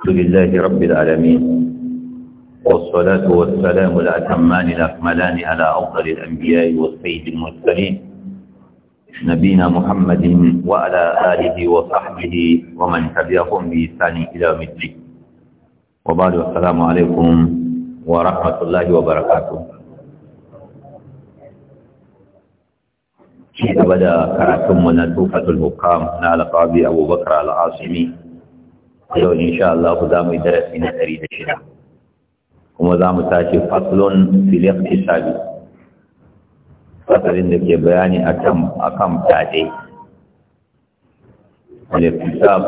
الحمد لله رب العالمين والصلاة والسلام الأتمان الأكملان على أفضل الأنبياء والسيد المرسلين نبينا محمد وعلى آله وصحبه ومن تبعهم بإحسان إلى يوم الدين وبعد السلام عليكم ورحمة الله وبركاته ci gaba da karatunmu na tufatul hukam na alƙabi abubakar yau insha Allah za mu yi darasi na ɗari da shida kuma za mu tashi faslon filik isabi fasalin da ke bayani a kan tade. filik isab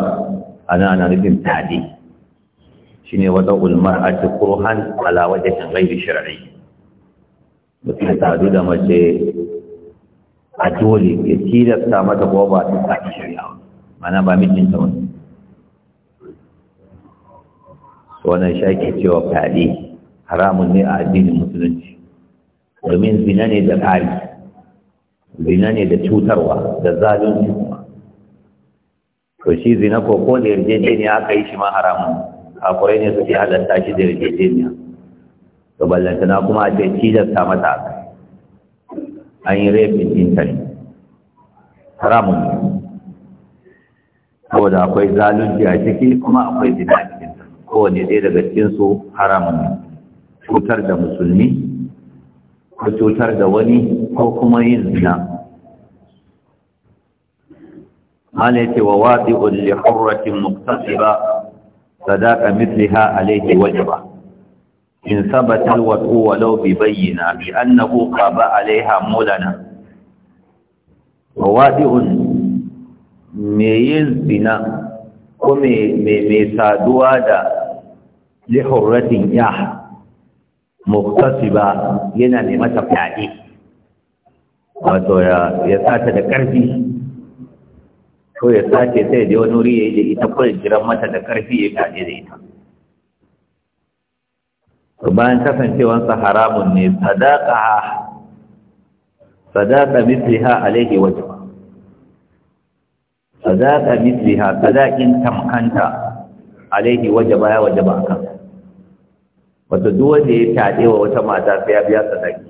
ana ana nufin tade. shi ne wata ulmar a kurhan ala wajen gairi shirai. mutum sadu da mace a dole ya tilasta mata ko ba ta sa shari'a mana ba mijinta wani wannan shaki cewa fyaɗe haramun ne a addinin musulunci domin zina ne da ƙari zina ne da cutarwa da zalunci kuma to shi zina ko ko da yarjejeniya aka yi shi ma haramun kakurai ne suke halatta shi da yarjejeniya to ballantana kuma a ce tilasta mata aka an yi rafin intanet. haramun ne saboda akwai zalunci a ciki kuma akwai zina kowane ɗaya daga cikinsu haramun cutar da musulmi ko cutar da wani ko kuma yin zina malai ce wa waɗi ulli hurratin muktasiba sadaka misliha alaihi ba. in sabata alwatu walau bi bayyana bi annahu qaba alaiha mulana wa wadi'un me yin zina ko me saduwa da lihurratin ya muktasiba yana ne mata fyaɗe wato ya sata da ƙarfi ko ya sace sai da wani wuri ya yi da ita ko ya jiran mata da ƙarfi ya fyaɗe da ita bayan kasancewansa haramun ne sadaka sadaka misliha alaihi wajen sadaka misliha sadakin tamkanta alaihi wajaba ya wajaba kan. wato duk wanda ya taɗe wa wata mata sai ya biya sadaki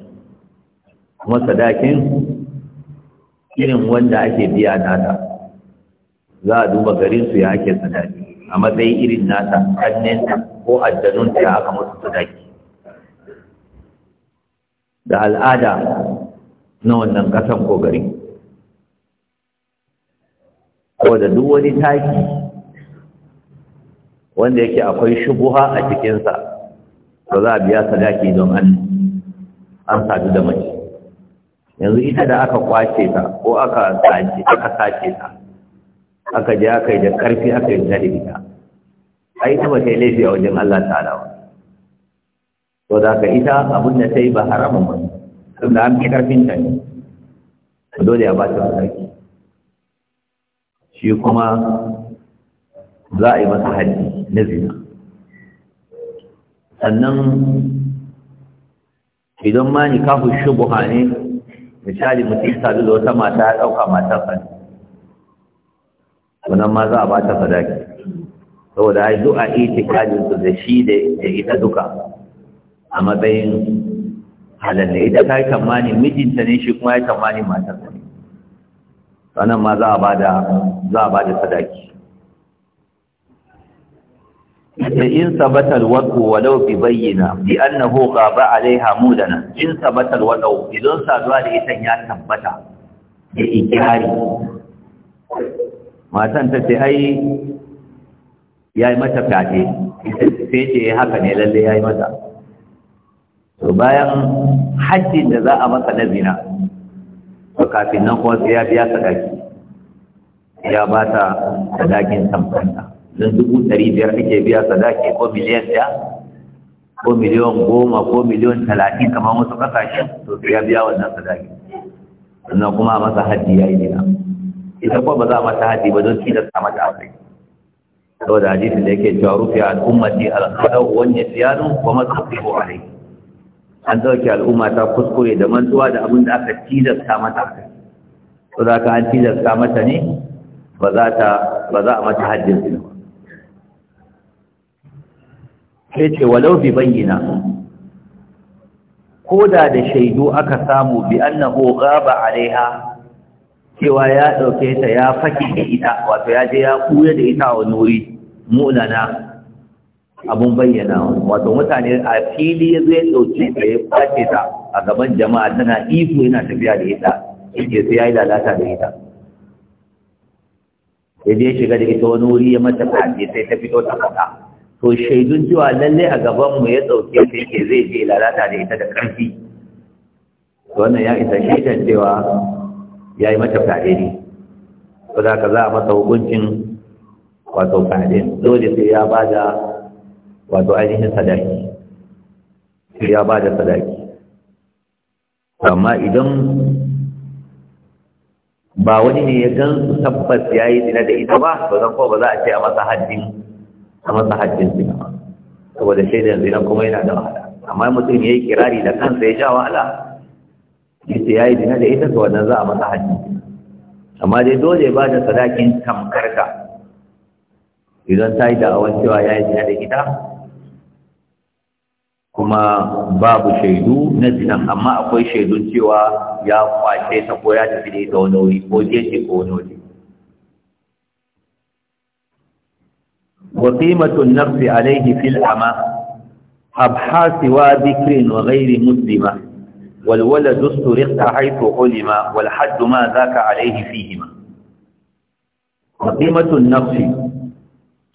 kuma sadakin irin wanda ake biya nata za a duba garin su ya ake sadaki a matsayin irin nata hannun ko addanun ya aka musu sadaki da al'ada na wannan ƙasan ko gari da duk wani taki wanda yake akwai shubuha a cikinsa ba za a biya sadaki don an an sadu da mace yanzu ita da aka kwace ta ko aka sace aka sace ta aka je aka yi da karfi aka yi da ita ai ta yi laifi a wajen Allah ta'ala to da ka ita abin da ta yi ba haramun ba tunda an fi karfin ta ne dole a ba ta sadaki shi kuma za a yi masa haji na zina sannan idan ma ni kafu shubha ne misali mutum sadu da wata mata ya ɗauka matarsa kan wannan ma za a ba ta sadaki saboda ai du'a itikadin su da shi da ita duka a matsayin ne ita ta yi tamani mijinta ne shi kuma ya tamani matarsa ne Wannan ma za a ba da sadaki da in sabatal wadu walau bi bayyana bi annahu qaba alaiha mudana in sabatal wadu idan saduwa da ita ya tabbata da ikari matan ta ce ai yayi mata fate sai ce eh, haka ne lalle yayi mata to bayan hajji da za a masa na zina to kafin nan kuma sai ya biya sadaki ya ba ta sadakin tamfanta don dubu ɗari biyar ake biya sadaki ko miliyan ɗaya ko miliyan goma ko miliyan talatin kamar wasu ƙasashe to ya biya wannan sadaki sannan kuma masa haddi ya yi nina ita ko ba za a mata haddi ba don tilasta mata aure saboda hadisi da yake cewa rufe al'ummati al siyanu ko masu wa a alayhi an dauke al'umma ta kuskure da mantuwa da abin da aka tilasta mata akai to da ka an tilasta mata ne ba za ba za a mata haddin su ba sai ce walau bi bayyana ko da da shaidu aka samu bi annahu ghaba alaiha cewa ya dauke ta ya faki da ita wato ya je ya kuya da ita a wani wuri abun bayyana wato mutane a fili ya zai dauke ta ya fake ta a gaban jama'a tana iko yana tafiya da ita yake sai ya yi lalata da ita sai dai shiga da ita wani wuri ya mata fyaɗe sai ta fito ta faɗa to shaidun cewa lalle a gabanmu ya ɗauke ta yake zai je lalata da ita da ƙarfi wannan ya isa shaidan cewa ya yi mata fyaɗe ne ko za ka za a masa hukuncin wato fyaɗe dole sai ya ba da wato ainihin sadaki sai ya ba da sadaki amma idan ba wani ne ya gan tabbas ya yi zina da ita ba ba zan ko ba za a ce a masa haddin kamar sa hajjin saboda yanzu zina kuma yana da wahala amma mutum ya yi kirari da kansa ya sha wahala yace ya yi zina da ita to wannan za a masa hajji amma dai dole ba da sadakin tamkarka idan ta yi da'awar cewa ya yi zina da ita kuma babu shaidu na zina amma akwai shaidun cewa ya kwace ta ko ya tafi da ita wani wuri ko jeji ko wani wuri wa qimatun nafsi alayhi fil ama abhasi wa dhikrin wa ghairi muslima wal waladu isturiqa haythu ulima wal hadd ma zaka alayhi fihima wa qimatun nafsi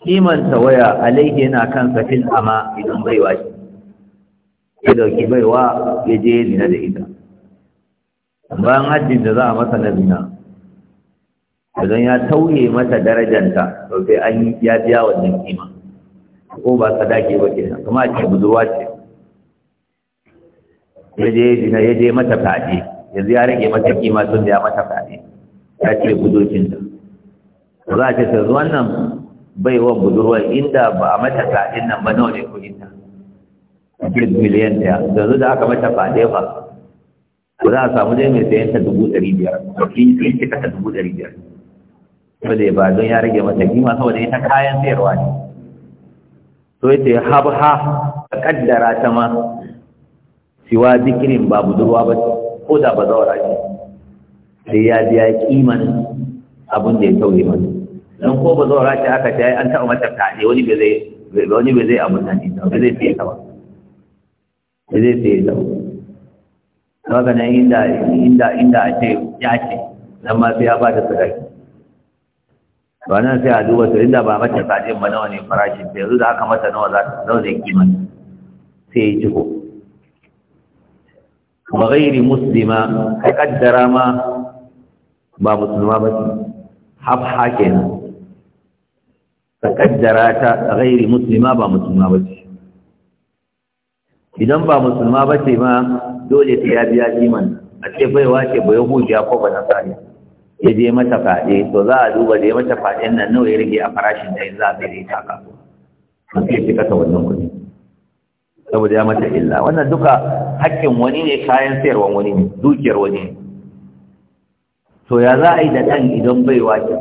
kiman tawaya alayhi yana kansa fil ama idan baiwa shi ya dauki baiwa ya je ita bayan hajjin da za a masa na zina idan ya tauye mata darajanta to sai an ya biya wannan kima ko ba sadaki ba ke nan kuma ce budurwa ce ya je dina ya je mata fadi yanzu ya rage mata kima tun da ya mata fadi ya ce budurcinta za a ce ta zuwa nan baiwan budurwar inda ba a mata fadin nan ba nawa ne kudinta kid miliyan ɗaya yanzu da aka mata fadi fa ba za a samu dai mai sayan ta dubu ɗari biyar ko kin kika ta dubu ɗari biyar dole ba don ya rage mata gima saboda ita kayan sayarwa ne to yace habha kaddara ta ma siwa zikirin ba budurwa ba ko da ba zaura ce sai ya biya kiman abin da ya tauye mata dan ko ba zaura ce aka ta an taɓa mata ne wani bai zai wani bai zai abin nan ita ba zai fiye ta ba bai zai fiye ta ba haka nan inda inda inda a ce ya ce nan ma sai ya ba da sadaki ba nan sai a duba su inda ba mace sajin ba nawa ne farashin sai yanzu da aka mata nawa za ta zai kima sai ya ciko Ba gairi muslima ka kaddara ma ba musulma ba ce hafha nan ka kaddara ta gairi muslima ba musulma ba ce idan ba musulma ba ce ma dole sai ya biya kiman a ce baiwa ce ba yahudiya ko ba nasariya ya je mata faɗe to za a duba da ya mata faɗen nan nawa ya rage a farashin da za a da ita kaso a kai fi kasa wannan kuɗi saboda ya mata illa wannan duka haƙƙin wani ne kayan sayarwa wani ne dukiyar wani ne to ya za a yi da ɗan idan bai wace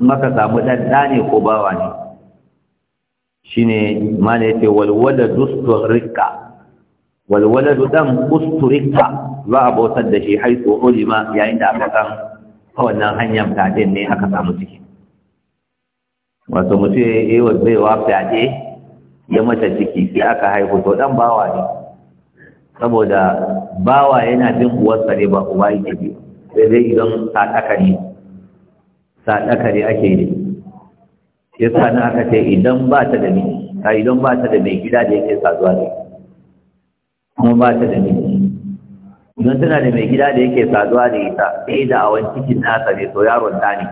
maka samu ɗan ɗa ne ko bawa ne shi ne mana ya ce walwala dusturika walwala dudan usturika za a bautar da shi haiku ulima yayin da aka san a wannan hanyar fyaɗe ne aka samu ciki wato mutum ya yi wa baiwa fyaɗe ya mata ciki sai aka haihu to ɗan bawa ne saboda bawa yana bin uwarsa ne ba uwa yake biyu sai dai idan saɗaka ne saɗaka ne ake yi ya sa na aka ce idan ba ta da Ka idan ba ta da mai gida da yake saduwa ne kuma ba ta da ni. don tana da mai gida da yake saduwa da ita yi da awon cikin nasa ne so yaron ta ne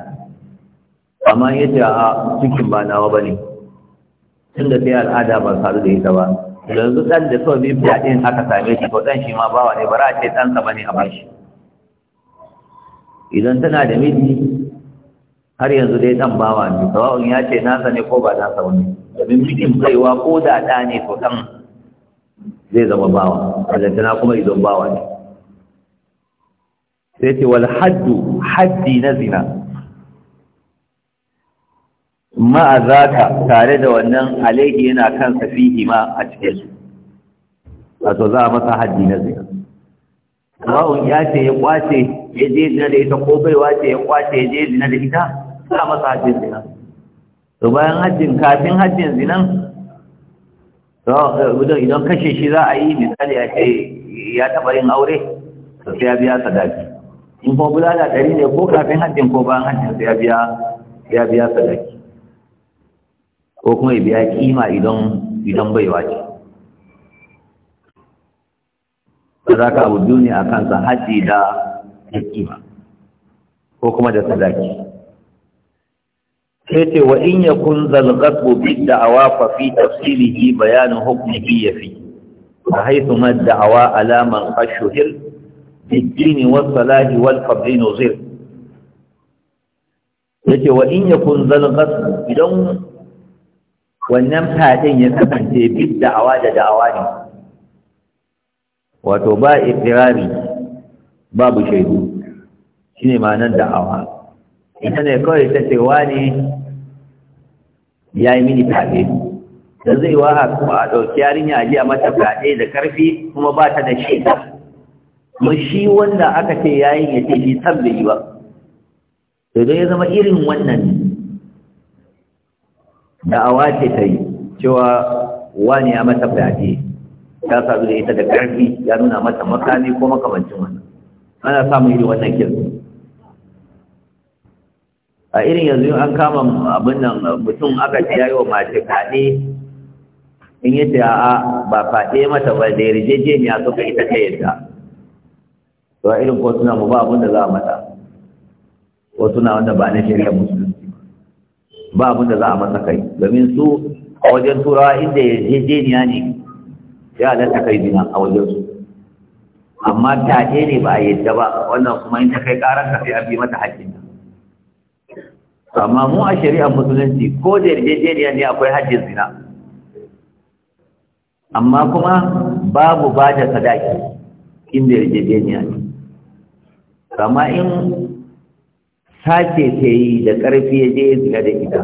amma ya ce a cikin ba nawa ba ne tun da sai al'ada ba sadu da ita ba yanzu ɗan da so bi fiyaɗin aka same shi Ko ɗan shi ma bawa ne bari a ce ɗansa sa ne a bashi idan tana da miji har yanzu dai ɗan bawa ne sawa'un ya ce nasa ne ko ba nasa wani domin mijin baiwa ko da ɗa ne ko ɗan zai zama bawa tana kuma izon bawa ne sai ce wal haddu haddi na zina ma'a ka tare da wannan alaihi yana kan safihi ma a cikin su wato za a masa haddi na zina Rawun ya ce ya kwace ya je zina da ita ko bai wace ya kwace ya je zina da ita za a masa haddin zina to bayan haddin kafin haddin zinan idan kashe shi za a yi misali ya ce ya taɓa yin aure to sai ya biya sadaki in ko bulala ɗari ne ko kafin haddin ko bayan haddin sai ya biya ya biya sadaki ko kuma ya biya kima idan idan bai wace ba ka abu duniya a kansa haddi da kima ko kuma da sadaki sai ce wa in ya yakun zalqatu bid da'awa fa fi bayanin hukumi biya fi a haythu mad da awa alamar qashuhir biddini was salahi wal qabli Ya ce, wa in yakun zal qasd idan wannan fadin ya kasance bid awa da da'awa ne wato ba iqrari babu shaidu shine ma'anar da'awa ita ne kawai ta ce wani ya yi mini fade da zai wa a ɗauki yarinya a ji a mata fade da karfi kuma ba ta da shaida kuma shi wanda aka ce yayin ya ce shi san bai yi ba to dai ya zama irin wannan awa ce ta yi cewa wani ya mata fyaɗe ta sabu da ita da ƙarfi ya nuna mata makami ko makamancin wannan ana samun irin wannan kirkin a irin yanzu an kama abin nan mutum aka ce yayi wa mace kaɗe, in yi ta a ba faɗe mata ba da yarjejeniya suka ita ta yadda to a irin kotuna mu ba abin da za a mata suna wanda ba na shari'a musulunci ba abin da za a masa kai domin su a wajen turawa inda ya yarjejeniya ne ya halatta kai zina a wajen su amma je ne ba a yadda ba wannan kuma in ta kai ka sai a bi mata haƙƙin amma mu a shari'ar musulunci ko da yarjejeniya ne akwai hajjin zina amma kuma babu ba da sadaki inda yarjejeniya ne kama in sace ta yi da ƙarfi ya je zina da ita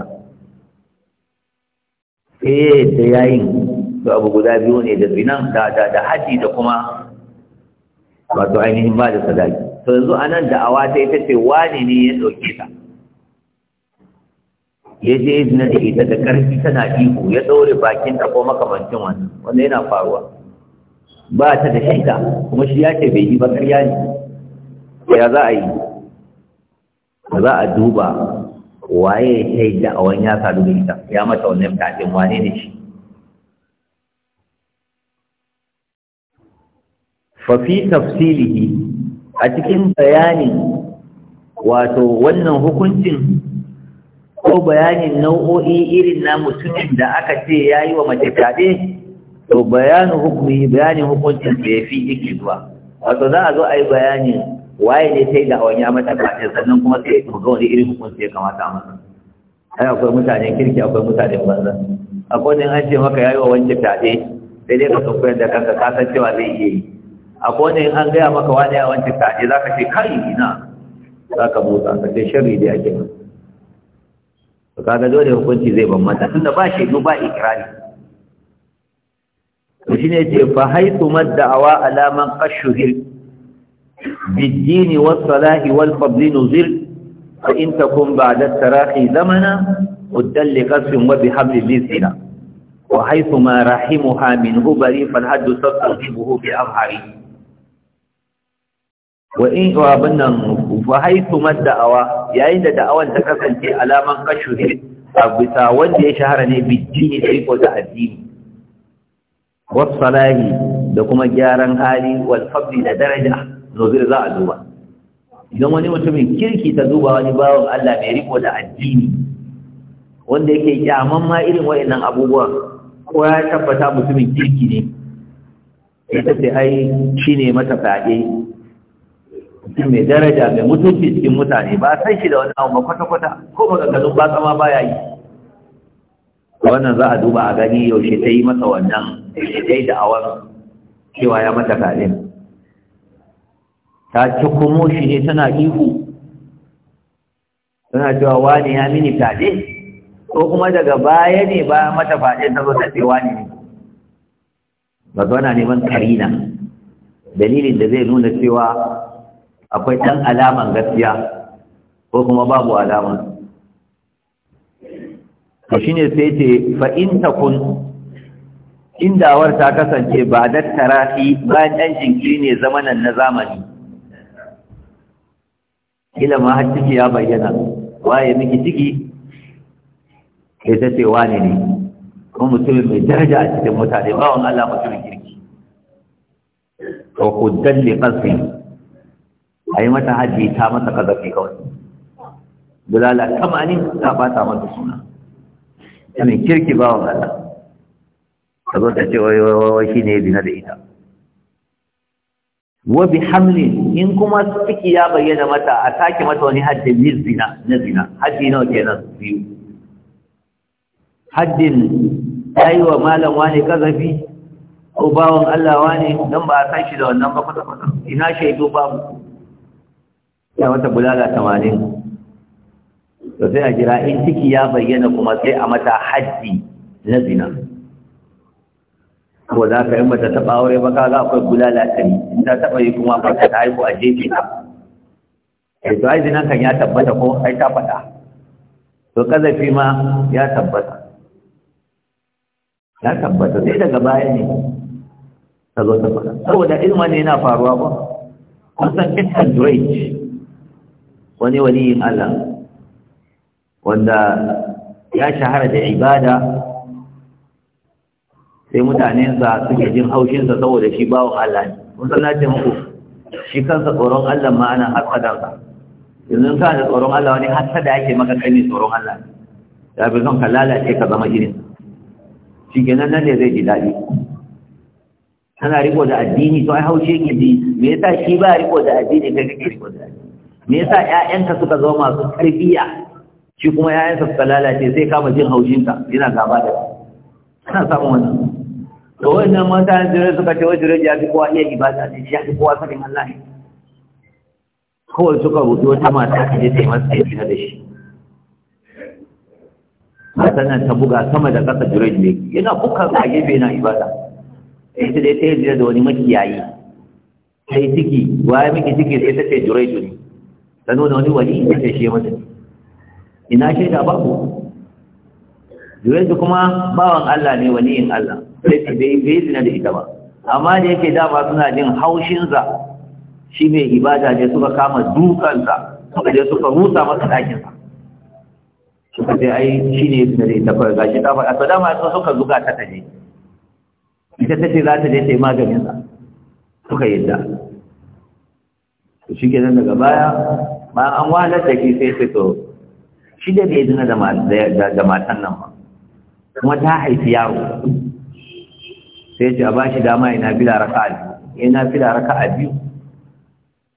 eh ta yayin su abu guda biyu ne da zinan da da haji da kuma wato ainihin ba da sadaki to yanzu nan da awa ta ita ce wani ne ya dauke ta ya je zina da ita da ƙarfi tana ihu ya ɗaure bakin ta ko makamancin wannan wanda yana faruwa ba ta da shaida kuma shi ya ce bai yi ba ƙarya ne ya za a yi za a duba waye ya yi da'awan ya sadu da ita ya mata wannan fadin wane ne shi fafi tafsilihi a cikin bayanin wato wannan hukuncin ko bayanin nau'o'i irin na mutumin da aka ce ya yi wa mace fyaɗe to bayanin hukuncin da ya fi yake zuwa wato za a zo a yi bayanin waye ne sai da hawan ya mata kafin sannan kuma sai mu ga wani irin hukunci ya kamata a masa ai akwai mutanen kirki akwai mutanen banza akwai wani an ce maka yayi wa wancan fyaɗe sai dai ka koyar da kanka ka san cewa zai iya yi akwai wani an gaya maka wani ya wancan fyaɗe za ka ce kai ina za ka motsa ka ce sharri da ake ba ka ga dole hukunci zai mata tunda ba shaidu ba ikirari to shine ce fa haythu mad'awa ala man qashuhir بالدين والصلاة والفضل نزل فإن تكن بعد التراخي زمنا قد لقصف وبحبل الزنا وحيثما رحمها من هبري فالحد ستصيبه بأظهري وإن وابنا فحيث ما الدعوة يعين دعوة تكسنت على من قشه أبسا وانجي شهرني بالدين شريك وتعديم والصلاة لكم جارا هالي والفضل لدرجة nozir za a duba idan wani mutumin kirki ta duba wani bawan Allah mai riko da addini wanda yake kyaman ma irin wa'annan abubuwa ko ya tabbata mutumin kirki ne ta ce ai shi ne mata fyaɗe mutum mai daraja mai mutunci cikin mutane ba san shi da wani abu ba kwata-kwata ko maganganun ba tsama ba ya yi wannan za a duba a gani yaushe ta yi masa wannan da da awar cewa ya mata fyaɗe ta ci kuma shi ne tana ihu tana cewa wani ya mini fade ko kuma daga baya ne ba mata fade ta zo ta ce wani ne ba zo na neman karina dalilin da zai nuna cewa akwai ɗan alaman gaskiya ko kuma babu alaman to shi ne sai ce fa'in takun indawar ta kasance ba da tarafi bayan ɗan jinkiri ne zamanan na zamani kila ma har ciki ya bayyana waye miki ciki sai ta ce wane ne kuma mutumin mai daraja a cikin mutane ba wani Allah mutumin kirki to ku dalle a ayi mata haji ta masa kazafi kawai bulala kama ne ta bata mata suna mai kirki wani Allah ta zo ta ce wai wai wai ne zina da ita wa bi hamlin in kuma ciki ya bayyana mata a sake mata wani haddin zina na zina haddi nawa kenan biyu haddin yayi wa malam wani kazafi ko bawon Allah wani dan ba a san shi da wannan ba kwata kwata ina shaidu ba? ya wata bulala 80 to sai a jira in ciki ya bayyana kuma sai a mata haddi na zina ko za ka yi mata taɓa aure ba kaga akwai bulala ɗari in ta taɓa yi kuma ba ta haihu a jefe ta ai to ai zinan kan ya tabbata ko ai ta faɗa to kazafi ma ya tabbata ya tabbata sai daga baya ne ta zo ta faɗa saboda ilma ne yana faruwa ba kun san kitan durej wani waliyin Allah wanda ya shahara da ibada sai mutane su suke jin haushin sa saboda shi bawo Allah ne mun san nace muku shi kansa tsoron Allah ma ana hasadan sa yanzu ka da tsoron Allah wani hasada yake maka kai tsoron Allah ya bi son ka lalace ka zama irin shi kenan nan ne zai ji daɗi tana riko da addini to ai haushe yake ji me yasa shi ba riko da addini kai kake riko da addini me yasa ƴaƴanka suka zama masu tarbiyya shi kuma ƴaƴansa suka lalace sai kama jin haushinka yana gaba da kana samun wannan to wannan mutanen jirgin suka ce wa jirgin ya fi kowa iya ibada ne ya fi kowa sanin Allah ne kawai suka rubuta wata mata ta je ta yi masa yi da shi matan nan ta buga sama da ƙasa jirgin ne yana bukar a gefe na ibada ita dai ta yi da wani makiyayi ta yi ciki waye miki ciki sai ta ce jirai ne ta nuna wani wani ita ce shi mata ina shaida babu jirai kuma bawan Allah ne wani yin Allah bai zina da ita ba amma da yake da ba suna jin haushinsa shi mai ibada ne suka kama dukansa suka je suka rusa masa ɗakinsa suka ce ai shi ne zina da ita kawai gashi ta faɗa to dama sun suka zuga ta ta je ita ta ce za ta je ta yi maganin sa. suka yadda shi ke nan daga baya bayan an wahalar da ke sai sai to shi da bai zina da matan nan ba kuma ta haifi yaro sai ce a ba shi dama ya nafila raka a biyu ya nafila raka a biyu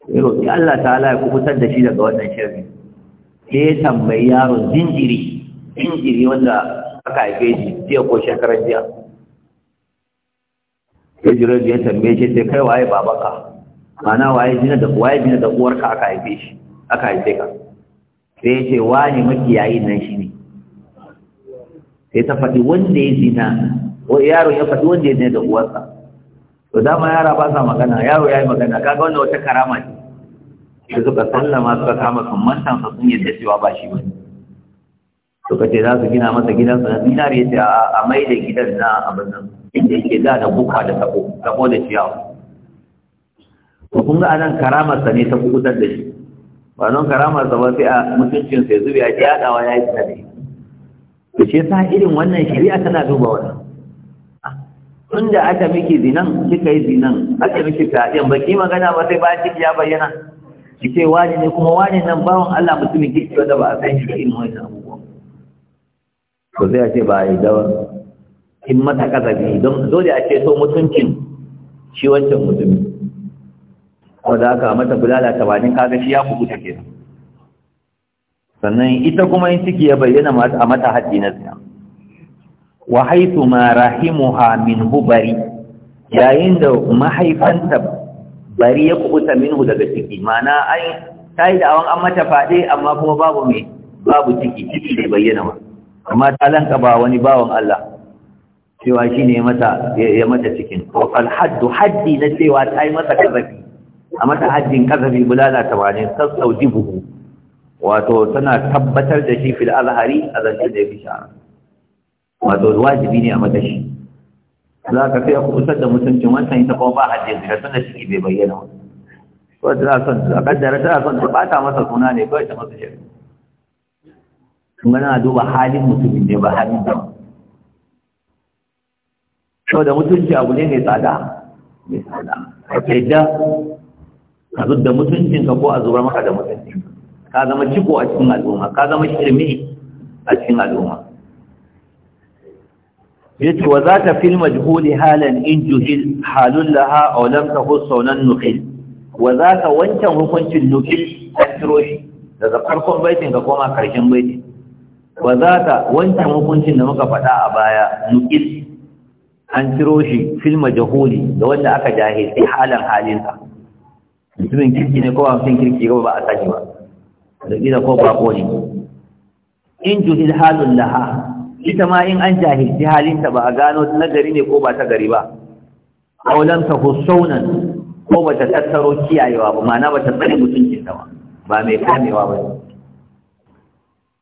sai roƙi Allah ta ala ya kubutar da shi daga wannan shirin sai ya tambayi yaron jinjiri jinjiri wanda aka haife shi jiya ko shekarar jiya sai jira ya tambaye shi sai kai waye babanka mana waye jina da waye jina da uwarka aka haife shi aka haife ka sai ya ce wani makiyayi nan shi ne sai ta faɗi wanda ya zina ko yaro ya faɗi wanda ne da uwarsa to dama yara ba sa magana yaro ya yi magana kaga wanda wata karama ce da suka sallama suka kama kummantan sa sun yadda cewa ba shi to ka ce za su gina masa gidan sa dinari ya ce a mai da gidan na abin nan inda yake da da buka da tako tako da ciyawa to kun ga anan karamar sa ne ta kubutar da shi ba don karamar sa ba sai a mutuncin sai zubi ya ci yadawa ya yi tsanani to ce sa irin wannan shari'a tana duba wannan tun da aka miki zinan kika yi zinan aka miki fyaɗen ba ki magana ba sai bayan ciki ya bayyana ki ce wani ne kuma wani nan bawon Allah mutumin kike wanda ba a san shi da irin wannan abubuwa to sai a ce ba a yi dawa in mata kasafi don dole a ce so mutuncin shi wancan mutumin da aka mata bulala bani kaga shi ya kubuta kenan sannan ita kuma in ciki ya bayyana a mata haddi na wa haitu ma rahimuha min hubari yayin da mahaifanta bari ya kubuta minhu daga ciki mana ai ta yi da'awan an mata fyaɗe amma kuma babu mai babu ciki ciki da bayyana ba amma ta lanka ba wani bawan Allah cewa shi ne ya mata cikin to Haddu, haddi na cewa ta yi masa kazafi a mata haddin kazafi bulala ta wane sassau buhu wato tana tabbatar da shi fil azhari a zancen da ya fi shahara wato wajibi ne a matashi za ka fiye ku kubutar da mutuncin wancan ita kuma ba hajji da suna shi bai bayyana ko ta son a kaddara ta son ta bata masa suna ne kawai ta masa shi kuma na duba halin mutumin ne ba halin da sau da mutunci abu ne mai tsada mai tsada a tsaida a zub da mutuncinka ko a zubar maka da mutuncinka ka zama ciko a cikin al'umma ka zama shirme a cikin al'umma yace wa zaka fil majhul halan in juhil halul laha aw lam tahus sunan nuqil wa zaka wancan hukuncin nuqil tantiro shi daga farkon baitin ka koma karshen baitin wa zaka wancan hukuncin da muka faɗa a baya nuqil an ciro shi fil majhul da wanda aka jahilci halan halinsa mutumin kirki ne ko ba mutumin kirki ba ba a sani ba da gida ko ba ko ne in juhil halul laha ita ma in an jahilci halinta ba a gano na gari ne ko ba ta gari ba wajen ta husaunan ko ba ta tattaro kiyayewa ba ma'ana ba ta tsare mutuncinta ba ba mai kamewa ba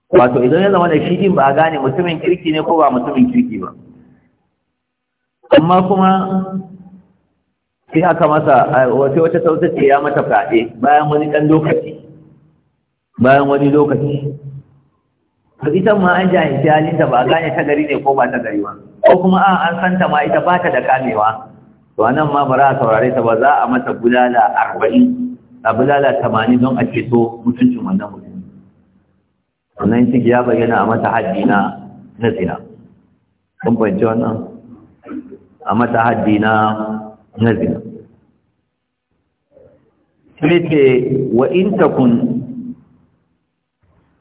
wato idan ya zama da shi din ba a gane mutumin kirki ne ko ba mutumin kirki ba amma kuma sai aka masa wata wata sautar ya mata fade bayan wani ɗan lokaci bayan wani lokaci to ita ma an jahilci halinta ba gane ta gari ne ko ba ta gari ba ko kuma a an santa ma ita ba ta da kamewa to anan ma ba za a saurare ta ba za a mata bulala arba'in a bulala tamanin don a ceto mutuncin wannan mutum wannan ciki ya bayyana a mata haddi na na zina kun fahimci wannan a mata haddi na na zina sai wa in takun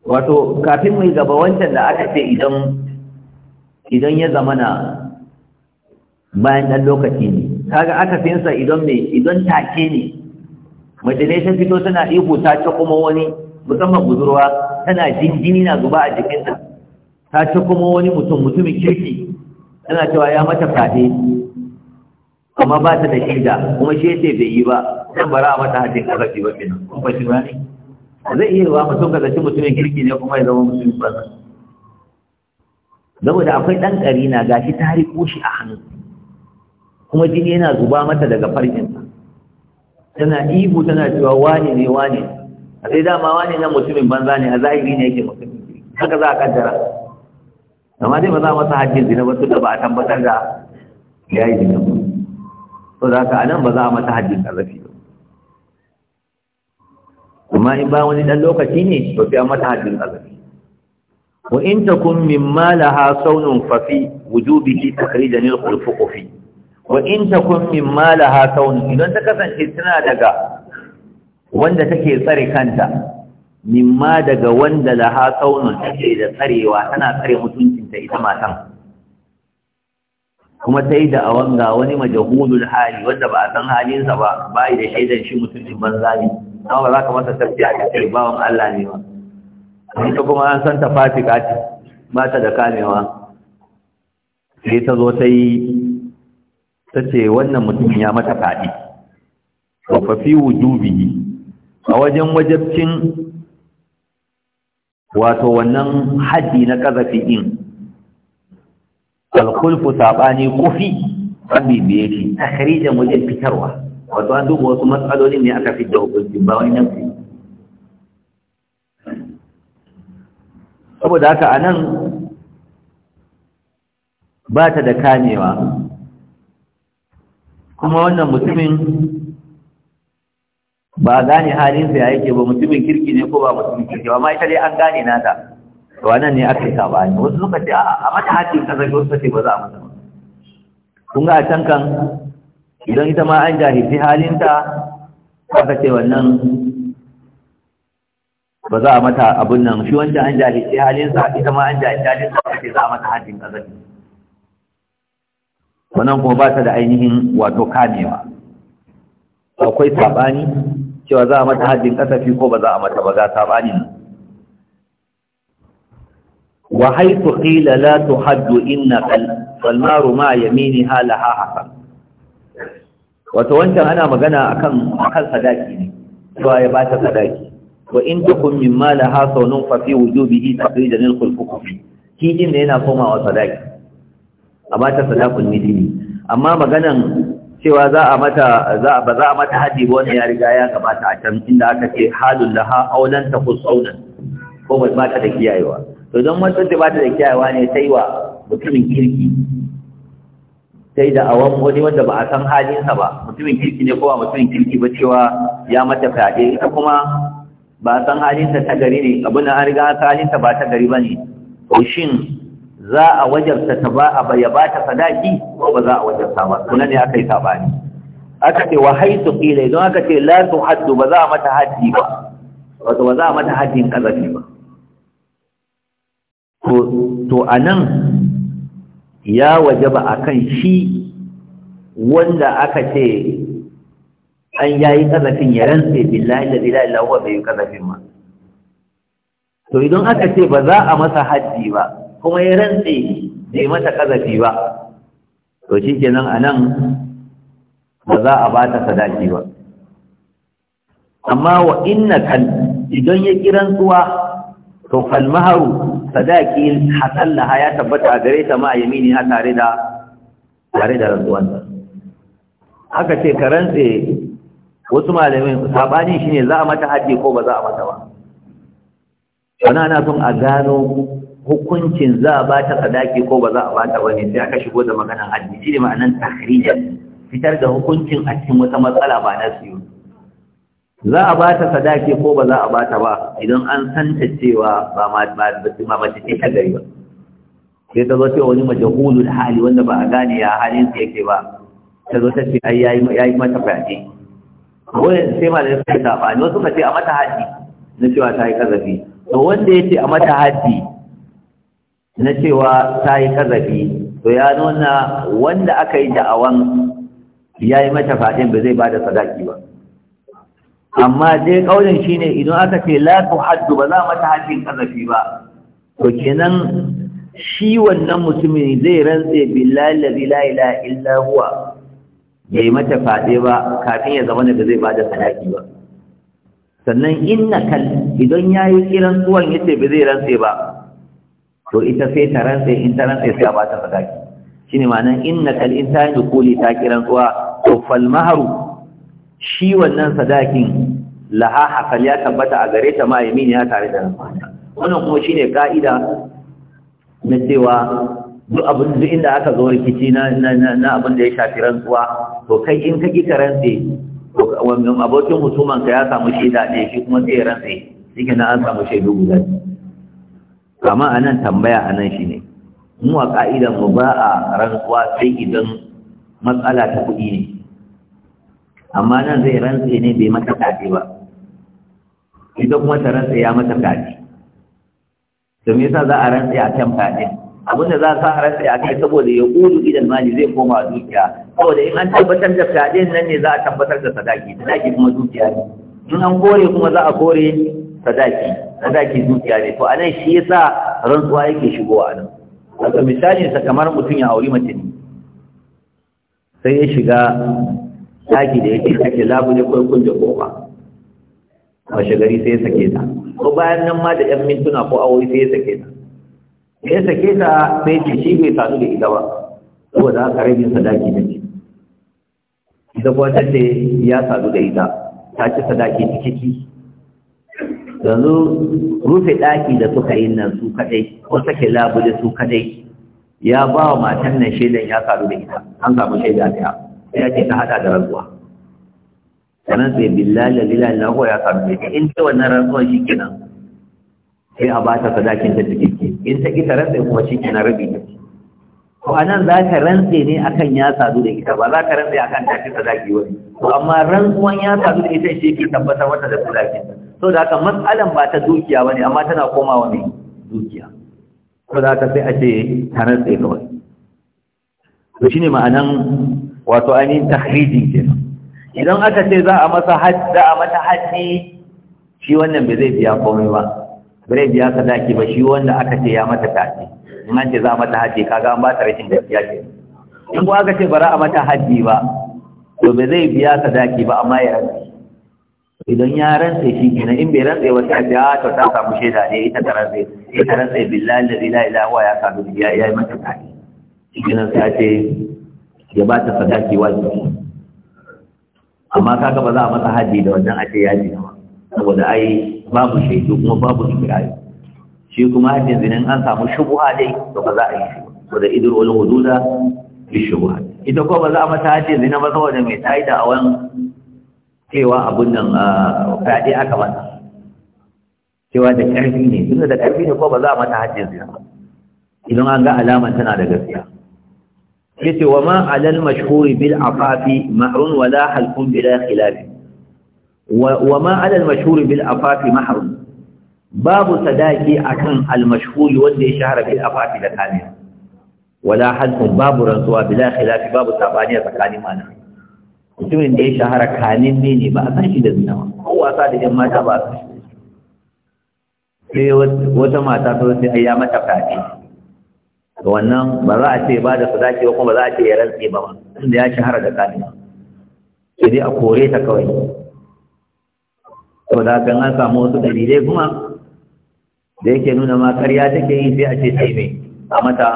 wato kafin mai gaba wancan da aka ce idan idan ya zamana bayan ɗan lokaci ne kaga aka finsa idan mai idan take ne mace ne ta fito tana ihu ta ci kuma wani musamman budurwa tana jinjini na zuba a jikinta ta ci kuma wani mutum mutumin kirki tana cewa ya mata fade amma ba ta da shida kuma shi yace bai yi ba zan bara a mata hadin karafi ba kenan kuma shi ba ne zai iya wa mutum ka zaki mutumin kirki ne kuma ya zama mutumin banza saboda akwai ɗan ƙarina gashi ta hariko shi a hannu kuma jini yana zuba mata daga farkinsa tana ihu tana cewa wane ne wane a sai dama wane na mutumin banza ne a zahiri ne yake mutumin haka za a kaddara amma dai ba za a masa hajjin zina ba su da ba a tabbatar da ya yi zina ba to haka a nan ba za a masa hajjin ƙarfi ba amma in ba wani dan lokaci ne to sai an mata hadin azumi wa in takum mimma laha saunun fa fi wujubihi takhrijan al-khulfuq fi wa in takum mimma laha idan ta kasance tana daga wanda take tsare kanta mimma daga wanda laha saunun take da tsarewa tana tsare ta ita matan kuma sai da awanga wani majahulul hali wanda ba a san halinsa ba bai da shaidan shi mutuncin banza ne amma ba za ka masa tafiya ka ce bawan Allah ne ba ni ka kuma an san ta ka ce ba ta da kamewa sai ta zo ta yi ta ce wannan mutum ya mata fadi to fa fi wujubi a wajen wajabcin wato wannan haddi na kazafi in alkulfu sabani kufi abi biyi shi takhrijan wajen fitarwa wato an duk wasu matsaloli ne aka fi da hukunci ba wani nan saboda haka a nan ba ta da kamewa kuma wannan mutumin ba gane halinsa ya yake ba mutumin kirki ne ko ba mutumin kirki ba ma ita dai an gane nata wannan ne aka yi sabani wasu suka ce a mata haƙƙin ƙasar wasu suka ba za a mata ba kun ga a can kan idan ita ma an jahilci halinta aka ce wannan ba za a mata abun nan shi wanda an jahilci halinsa ita ma an jahilci halinsa aka ce za a mata hajjin kazafi wannan kuma ba ta da ainihin wato kamewa akwai saɓani cewa za a mata hajjin kasafi ko ba za a mata ba za saɓani saɓanin wa haitu qila la tuhaddu innaka falmaru ma yaminiha laha hasan wato wancan ana magana akan akan sadaki ne cewa ya bata sadaki wa in takum mimma la hasunun fa fi wujubihi taqridan lil khulfukum din ne yana komawa sadaki a bata sadakun midini amma maganan cewa za a mata za ba za a mata haji ba wannan ya riga ya gabata a can inda aka ce halul laha aulan taqus aulan ko ba ta da kiyayewa to don wata da ba ta da kiyayewa ne sai wa mutumin kirki sai da awan wani wanda ba a san halinsa ba mutumin kirki ne ko ba mutumin kirki ba cewa ya mata fyaɗe ita kuma ba a san halinsa ta gari ne abin da an riga halinsa ba ta gari ba ne to shin za a wajarta ta ba a baya ba ta sadaki ko ba za a wajarta ba kuna ne aka yi sabani aka ce wa haitu kila idan aka ce la haddu ba za a mata haddi ba wato ba za a mata haddin kazafi ba to to anan ya waje ba a akan shi wanda aka ce an yayi kazafin ya rantse billahi da billahi la huwa bai kazafin ma to idan aka ce ba za a masa haji ba kuma ya rantse bai mata kazafi ba to shikenan anan ba za a bata sadaki ba amma wa inna kan idan ya kiran tsuwa to maharu sadaki hasan la ya tabbata a gare ta ma yamini ha tare da tare da rantsuwan haka ce karantse wasu malamin sabani shine za a mata haji ko ba za a mata ba wani ana son a gano hukuncin za a ba ta sadaki ko ba za a ba ta ba ne sai aka shigo da maganar haji shi ne ma'anar fitar da hukuncin a cikin wata matsala ba na siyo za a ba ta sadaki ko ba za a ba ta ba idan an san ta cewa ba ba ce ta gari ba sai ta zo cewa wani majahulul hali wanda ba a gane ya halin su yake ba ta zo ta ce ai ya yi mata fyaɗe wani sai ma da ya sai saɓani wasu ka ce a mata haji na cewa ta yi ƙazafi to wanda ya ce a mata haji na cewa ta yi ƙazafi to ya nuna wanda aka yi da'awan ya yi mata fyaɗen ba zai ba da sadaki ba amma dai ƙaunin shine idan aka ce la haddu ba za mata haddin kazafi ba to kenan shi wannan mutumin zai rantse billahi la ilaha illa huwa bai mata fade ba kafin ya zama da zai bada sadaki ba sannan inna kal idan yayi kiran tsuwan yace ba zai rantse ba to ita sai ta rantse in ta rantse sai a bata sadaki shine ma'anar inna kal insani kuli ta kiran tsuwa to fal maharu shi wannan sadakin laha hakal ya tabbata a gare ta ma yamini ya tare da nafata wannan kuma shine ka'ida na cewa duk abin inda aka zo rikici na na abin da ya shafi rantsuwa to kai in ka kika rantse abokin mutumanka ka ya samu shaida ne shi kuma sai rantse shi na an samu shaidu guda kama anan tambaya anan shine mu a ka'idan mu ba a rantsuwa sai idan matsala ta kuɗi ne amma nan zai rantse ne bai mata kaɗe ba ita kuma ta rantse ya mata kaɗe to me yasa za a rantse a kan kaɗe abin da za a sa a rantse a kai saboda ya ƙudu idan mali zai koma a dukiya saboda in an tabbatar da kaɗe nan ne za a tabbatar da sadaki sadaki kuma dukiya ne in an kore kuma za a kore sadaki sadaki dukiya ne to anan shi yasa rantsuwa yake shigowa nan daga misalin sa kamar mutum ya auri mace ne sai ya shiga taki da yake sake labule ko kun da kofa washe gari sai sake ta ko bayan nan ma da yan mintuna ko awoyi sai sake ta sai sake ta sai ce shi bai sadu da ita ba ko za ka rabin sadaki da ce ita ko ta ce ya sadu da ita ta ci sadaki cikiki yanzu rufe ɗaki da suka yi nan su kadai, ko sake labule su kadai ya ba wa matan nan shaidan ya sadu da ita an samu shaida ta ya ce ta hada da rantsuwa sannan sai billahi lalila na ko ya karu ne in ta wannan rantsuwa shi kenan sai a ba ta sadakin ta cikin ke in ta ita rantsa kuma shi kenan rabi ta ce to a nan za ka rantsa ne akan ya sadu da ita ba za ka rantse akan tafi sadaki wani to amma rantsuwan ya sadu da ita shi ke tabbatar wata da sadaki to da haka matsalan ba ta dukiya ba ne amma tana komawa mai dukiya Ko da haka sai a ce ta rantse kawai to ne ma'anan wato ainihin tahrijin kenan idan aka ce za a masa hajji a mata hajji shi wannan bai zai biya komai ba ba zai biya sadaki ba shi wanda aka ce ya mata tafi in an ce za a mata hajji kaga an ba ta rashin gaskiya ke in ko aka ce ba za a mata hajji ba to bai zai biya sadaki ba amma ya rantsa idan ya rantse shi kenan in bai a ce a ah, to ta samu shaida ne ita ta rantsa ita rantsa billahi la ilaha illa huwa ya samu ya yi mata tafi. kenan sai ce ya ba ta sadaki wajibi amma kaga ba za a masa haji da wannan ake yaji ba saboda ai babu shaidu kuma babu ikirari shi kuma hajjin zinin an samu shubuha dai to ba za a yi shi saboda idrul hududa bi shubuha ita ko ba za a masa hajjin zina ba saboda mai tayi da awan cewa abun nan fadi aka mata cewa da karfi ne tunda da karfi ne ko ba za a masa hajjin zina ba idan an ga alamar tana da gaskiya yace wa ma alal mashhuri bil afafi mahrun wala halqun bila khilaf wa ma alal mashhuri bil afafi mahrun babu sadaki akan al mashhuri wanda ya shahara bil afafi da kamiya wala halqun babu rantsuwa bila khilaf babu sabani tsakanin mana mutumin da ya shahara kanin ne ne ba a san shi da zina Kowa ko wasa da yan mata ba a san shi sai wata mata ta sai ayya mata fati wannan ba za a ce ba da sadaki ba kuma ba za a ce ya rantsi ba ba tunda ya shahara da kalima sai dai a kore ta kawai saboda haka an samu wasu dalilai kuma da yake nuna ma karya take yi sai a ce sai mai a mata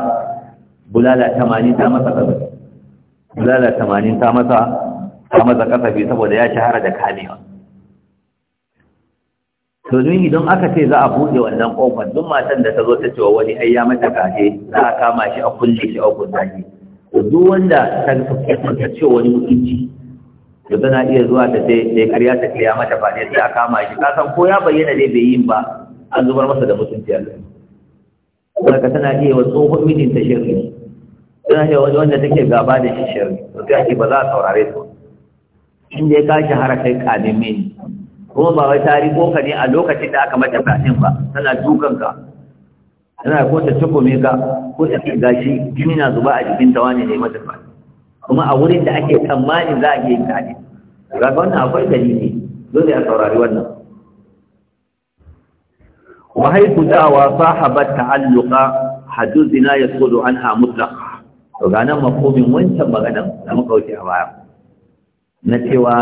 bulala tamanin ta masa kasafi bulala tamanin ta masa ta masa kasafi saboda ya shahara da kalima. To domin idan aka ce za a buɗe wannan ƙofar duk matan da ta zo ta cewa wani ai ya mata kaje za a kama shi a kulle shi a kunta shi duk wanda ta ta ce wani mutunci to tana iya zuwa ta ce sai karya ta ya mata ba ne sai a kama shi ka san ko ya bayyana dai bai yin ba an zubar masa da mutunci a ka tana iya wa tsohon mijinta shirri tana iya wani wanda take gaba da shi shirri to sai ake ba za a saurare su in dai ka shahara kai kamin mini kuma ba wai tari ko ka ne a lokacin da aka mata fatin ba tana dukan ka tana ko ta tukume ka ko ta ke gashi jini na zuba a jikin ta wani ne mata fatin kuma a wurin da ake tsammanin za a ke yin tari ga wannan akwai dalili dole a saurari wannan zina yasudu anha التعلق to ga nan makomin wancan magana da muka wuce a baya. na cewa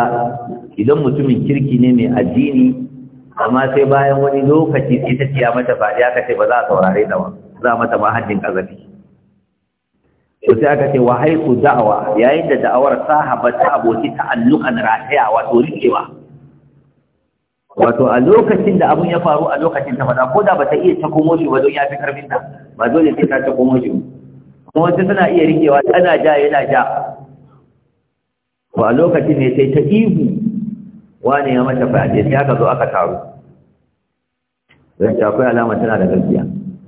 idan mutumin kirki ne mai addini amma sai bayan wani lokaci sai ta ciya mata faɗi aka ce ba za a saurare da ba za mata ma haddin ƙazafi to sai aka ce wa haiku da'awa yayin da da'awar sahaba ta aboki ta'alluqan rataya wato rikewa wato a lokacin da abun ya faru a lokacin ta faɗa ko da ba ta iya ta komo shi ba don ya fi karfin ta ba dole sai ta ta komo shi kuma wata tana iya rikewa tana ja yana ja to a lokacin ne sai ta ihu wane ya mata fyaɗe sai aka zo aka taru wanda akwai alama tana da gaskiya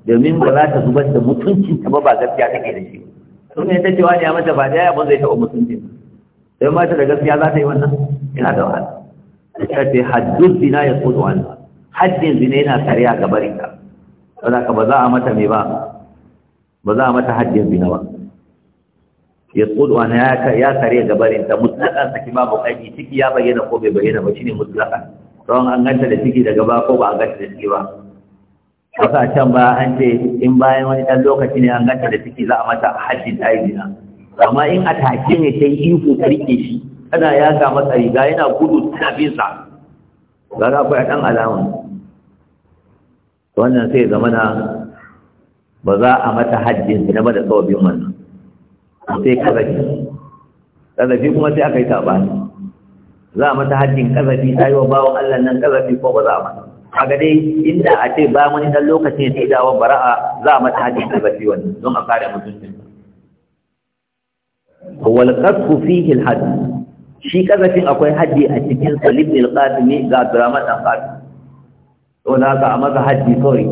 domin ba za ta zubar da mutunci ta ba ba gaskiya take da shi to ne ta ce wane ya mata fyaɗe ya zai taɓa mutunci sai mata da gaskiya za ta yi wannan Ina da wahala ta ce haddun zina ya kudu wani haddin zina yana kariya ga barinka saboda ka ba za a mata me ba ba za a mata haddin zina ba ya tsudu wani ya kare gabarin ta mutlakan saki babu aiki. ciki ya bayyana ko bai bayyana ba shine mutlakan don an ganta da ciki daga ba ko ba an ganta da ciki ba kasa can ba an ce in bayan wani ɗan lokaci ne an ganta da ciki za a mata hajji ta yi zina amma in a take ne ta yi iko ta rike shi tana ga masa riga yana gudu tana bin sa za za akwai ɗan alama wannan sai zamana ba za a mata hajjin zina ba da tsawabin wannan sai kazafi kazafi kuma sai aka yi sabani za a mata haddin kazafi ta yi wa bawan Allah nan kazafi ko ba za a mata a gade inda a ce ba wani dan lokacin sai da wa bara'a za a mata haddin kazafi wani, don a kare mutuncin wal kasku fihi al hadd shi kazafin akwai haddi a cikin salib al qadimi ga drama dan qasim to da haka a mata haddi kawai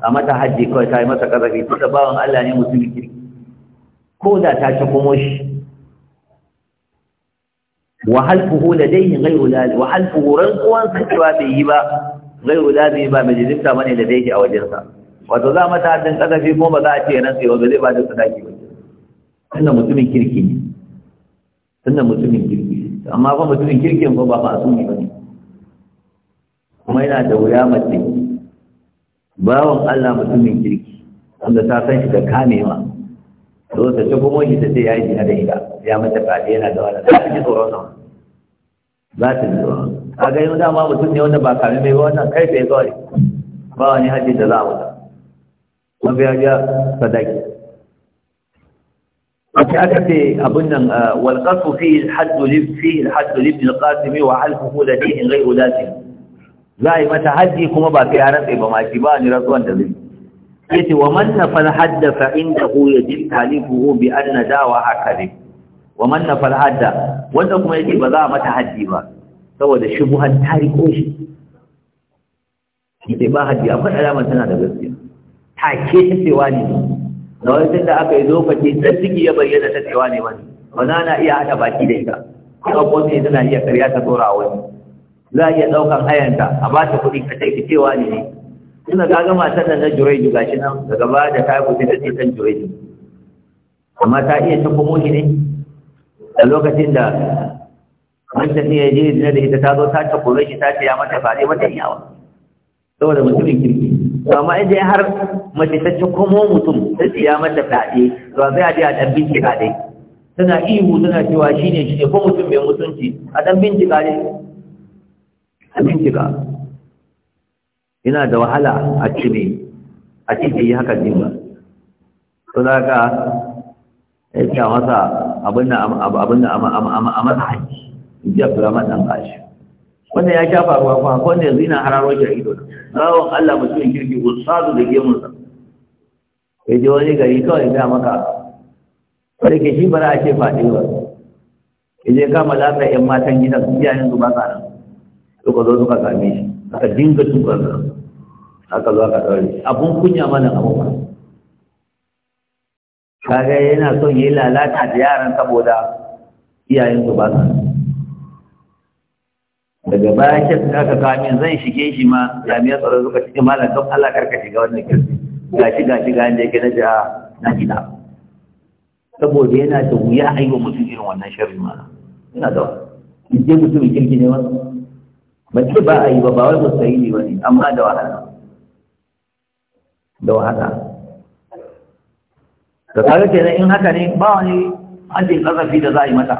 a haddi kai ta yi masa kazafi tunda bawan Allah ne mutumin kirki ko da ta ci kuma shi wa halfuhu ladayhi ghayru lali wa halfuhu ranquwan cewa bai yi ba ghayru lali ba mai jinta bane da dai a wajensa wato za mata haddin kasafi ko ba za a ce nan sai wanda zai ba da sadaki ba tunda mutumin kirki ne tunda mutumin kirki amma fa mutumin kirkin fa ba masumi bane kuma yana da wuya mace bawan Allah mutumin kirki wanda ta san shi da kamewa to ta ce kuma shi ta ce ya yi jina da ita ya mata fadi yana da wani za ta ji tsoron sa za ta ji tsoron a ga yau dama mutum ne wanda ba kame mai wannan kai tsaye kawai ba wani hajji da za a mutu kuma biya biya sadaki وفي أكف أبنا والقصف فيه الحد فيه الحد لابن القاسم وحلفه لديه غير لازم لا متحدي كما باكي عرفي بما شبان رسوان تذلك yace wa man nafal hadda fa indahu yajib talifuhu bi anna dawa hakari wa man nafal hadda wanda kuma yace ba za a mata haddi ba saboda shubuhan tariko shi yace ba haddi akwai alama tana da gaskiya take ta cewa ne da wani da aka yi lokaci da ciki ya bayyana ta cewa ne wani wani na iya hada baki da ita kuma ne tana iya karya ta tsora wani za a iya ɗaukan hayanta a ba ta kuɗi ka ce cewa ne ne tunda ka ga matar da na ji gashi nan daga ba da ta kuce ta ce kan juraiju amma ta iya ta kuma shi ne a lokacin da an ya je da da ita ta zo ta takure shi ta ce ya mata fare mata yawa saboda mutumin kirki amma in dai har mace ta ci komo mutum ta ce ya mata fade to zai a je a dan bincika dai tana ihu tana cewa shine ne ko mutum mai mutunci a dan bincika dai a bincika yana da wahala a cire a cike yi haka jima to da ka ya masa abin da a masa haji ya fura masa bashi wanda ya sha faruwa kuma ko ne zina hararo shi a ido bawon Allah mutum kirki sadu da gemunsa ya ji wani gari kawai ga maka farke shi bara a ce faɗi ba ya je kama lafa yan matan gidan iyayen su ba sa nan suka zo suka same shi aka dinga tukar aka zo aka ɗaure abun kunya malam abubakar kaga yana son yi lalata da yaran saboda iyayen su ba su daga baya shek da aka kamin min shige shi ma jami'a tsaro suka cikin malam don Allah karka shiga wannan kirki gashi gashi ga yadda yake na ja na gida saboda yana da wuya a yi wa mutum irin wannan shirin ma yana da wani je mutum kirki ne wani ba ce ba a yi ba ba wani musayi ne wani amma da wahala da wahala da kaga kenan in haka ne ba wani hajjin kasafi da za a yi mata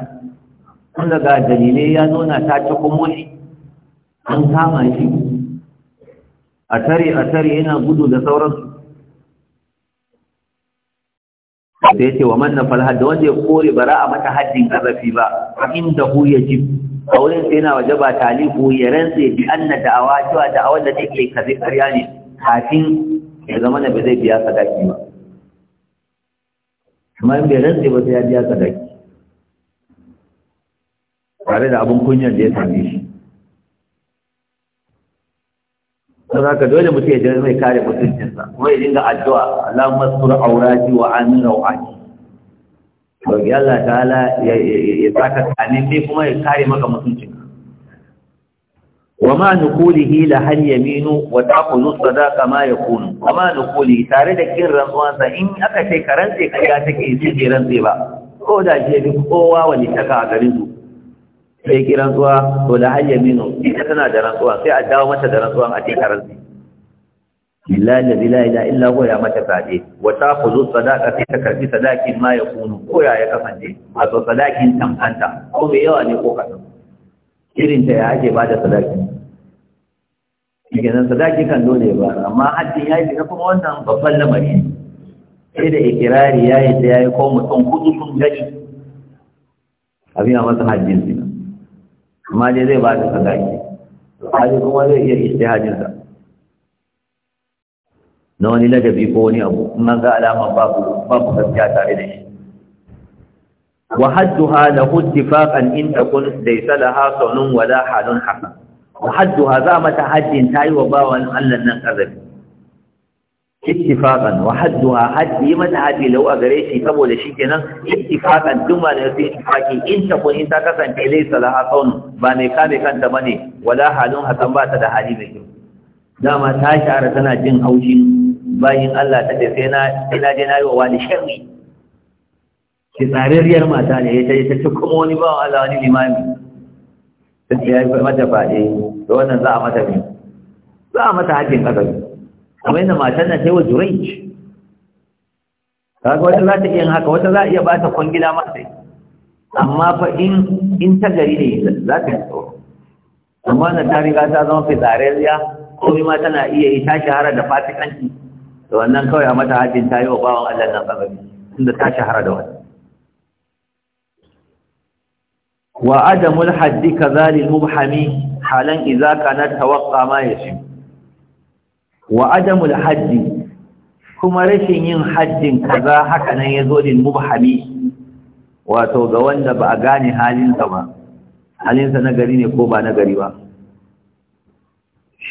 tun daga dalilai ya nuna ta ci kuma an kama shi a tare a tare yana gudu da sauransu da ya ce wa manna falhad da wanda ya kore bara a mata hajjin kasafi ba inda hu ya ji a wurin sai yana waje ba taliku ya rantse bi na da'awa cewa da'awar da take kaze karya ne kafin ya zama ne ba zai biya sadaki ba kuma in bai rantse ba sai ya biya sadaki tare da abin kunyar da ya same shi don haka dole mutum ya jira mai kare mutuncinsa kuma ya dinga addu'a Allahumma sur aurati wa amin rawati to ya Allah ta'ala ya saka kanin ne kuma ya kare maka mutunci وما نقوله لها اليمين وتأخذ الصداق ما يكون وما نقوله tare da kin sa in aka ce karance ka ya take yi ke rantse ba ko da ke duk kowa wani taka a garin su sai ki rantsuwa to la hal yaminu ita tana da rantsuwa sai a dawo mata da rantsuwan a ce karance billahi la ilaha illa huwa ya mata sade wa tafuzu sadaqa fi takarbi sadaqin ma yakunu ko ya ya kasance a to sadaqin tamkanta ko me yawa ne ko kasan. irin ta ya ake bada sadaqin shi nan sadaki kan dole ba, amma hajji ya yi da kuma wannan babban lamari sai da ikirari ya yi da ya yi ko mutum kudu sun gani abin a masa hajjin su amma dai zai ba da sadaki hajji kuma zai iya ishtihajinsa na wani ladabi ko wani abu in an ga alama babu babu gaskiya tare da shi wa hadduha lahu ittifaqan in takun laysa laha sunun wala halun hasan wa hadduha za mata haddin ta yi wa bawan Allah nan ƙazafi ittifaqan wa hadduha haddi mata haddi lau a gare shi saboda shi kenan ittifaqan duk ma da yafi ittifaqi in ta kun in ta kasance lai salaha kaun ba mai kame kanta bane wala halun hakan ba ta da hali mai kyau dama ta shara tana jin haushi. bayin Allah ta sai na ina je na yi wa wani sharri ki tsararriyar mata ne ya ta ce kuma wani bawan Allah wani limami sun ya yi mata faɗi da wannan za a mata ne za a mata hakin ƙasar kamar yadda matan nan sai wa jurej kaga wata za ta iya haka wata za a iya ba ta kwangila masai amma fa in in ta gari ne za ta yi tsoro amma na ta riga ta zama fitsarariya komai ma tana iya yi ta shahara da fatikanci da wannan kawai a mata hakin ta yi wa bawan Allah nan tsabari tunda ta shahara da wani wa adamul haddi kadhalil mubhami halan idza kana tawaqqa ma yashim wa adamul haddi kuma rashin yin haddin kaza haka nan yazo din mubhami wato ga wanda ba a gane halinsa ba halinsa na gari ne ko ba na gari ba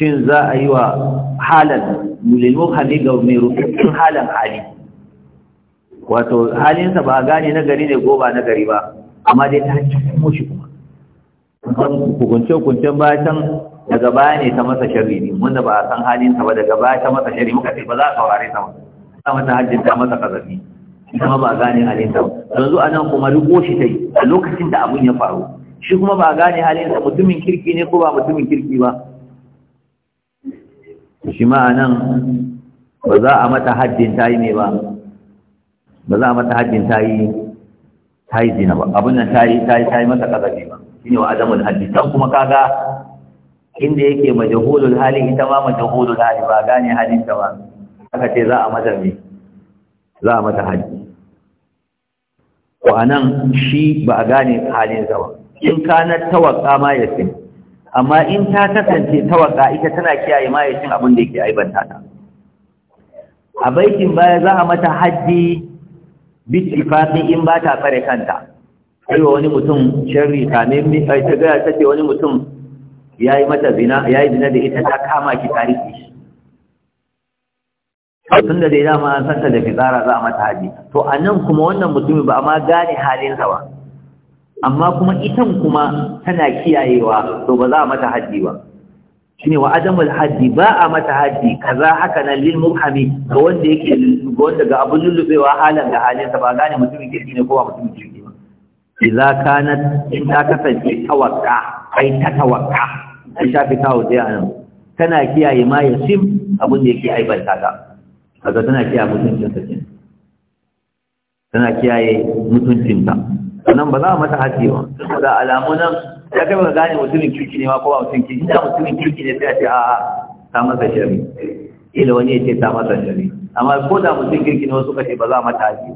shin za a yi wa halan lil mubhami ga mai rubutun halan hali wato halinsa ba gane na gari ne ko ba na gari ba amma dai ta hanci kuma shi kuma hukunce hukuncen can daga baya ne ta masa shari ne wanda ba a san halinsa ba daga baya ta masa shari muka ce ba za a saurare ta ba ta mata hajjin ta masa kazafi kuma ba a gane halinsa ba yanzu a nan kuma riko shi ta yi a lokacin da abun ya faru shi kuma ba a gane halinsa mutumin kirki ne ko ba mutumin kirki ba shi ma a nan ba za a mata hajjin ta yi ne ba ba za a mata hajjin ta yi ta yi zina ba abin nan ta yi ta yi ta yi masa kazafi ba shi ne wa da hali can kuma kaga inda yake majahulul hali ita ma majahulul hali ba gane halin ta ba aka ce za a mata me za a mata haji wa nan shi ba a gane halin sa ba in na tawaka ma yasin amma in ta kasance tawaka ita tana kiyaye ma yashin abin da yake aibanta ta a baitin baya za a mata hajji. tifafi in ba ta tsare kanta sai wani mutum sharri ne mi sai ta ga wani mutum yayi mata zina yayi zina da ita ta kama ki tarihi tun da dai dama an ta da fitsara za a mata haji to anan kuma wannan mutumin ba ma gane halin sa ba amma kuma itan kuma tana kiyayewa to ba za a mata haji ba shine wa adamul haddi ba a mata haddi kaza haka nan lil mubhami ga wanda yake ga wanda ga abun lullubewa halan da halin sa ba gane mutumin kirki ne ko mutum mutumin kirki ba idza kanat in ta kasance tawakka ai ta tawakka ai shafi tawo dai anan tana kiyaye ma yasim abun da yake aibanta ka kaga tana kiyaye mutuncin sa tana kiyaye mutuncin ta nan ba za a mata haddi ba saboda alamu nan ya kai ba gane mutumin kirki ne ma ko ba mutumin kirki da mutumin kirki ne sai a ce a ta masa shari ila wani ya ce ta masa shari amma ko da mutumin kirki ne wasu kace ba za a mata haji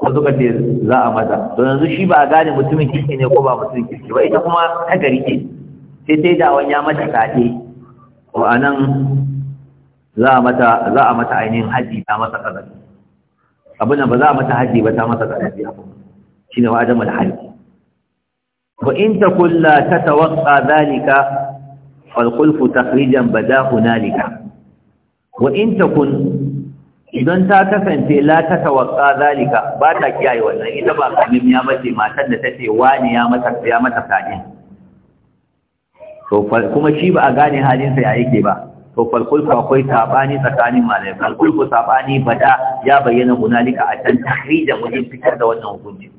ko suka ce za a mata to yanzu shi ba a gane mutumin kirki ne ko ba mutumin kirki ba ita kuma ta gari ce sai sai da wani ya mata ta kaɗe ko a nan za a mata za a mata ainihin haji ta masa kazafi abin da ba za a mata haji ba ta masa kazafi a kuma shi ne wa da alhaji وإن تكن لا تتوقع ذلك فالخلف تخريجا بدا هنالك وإن تكن idan ta kasance la ta tawakka zalika ba ta kiyaye wannan ita ba kamin ya mace matan da ta wani ya mata ya mata fadin to kuma shi ba a gane halin sa ya yake ba to falkulfu akwai sabani tsakanin malamai falkulfu sabani bada ya bayyana hunalika a can tahrijan wajen fitar da wannan hukunci